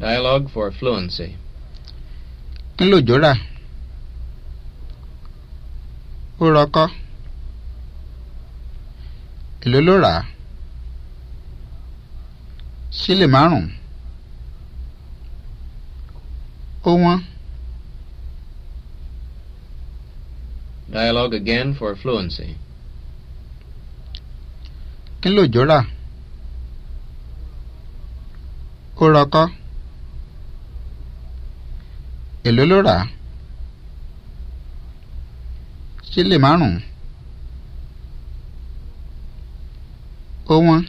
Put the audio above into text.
Dialogue for fluency. ńlòjò Jola. ó rọkọ èló ló rà á sílè márùn ó Dialogue again for fluency. kí Jola. rà ó èló ló rà á ṣé lè márùn-ún ó wọ́n.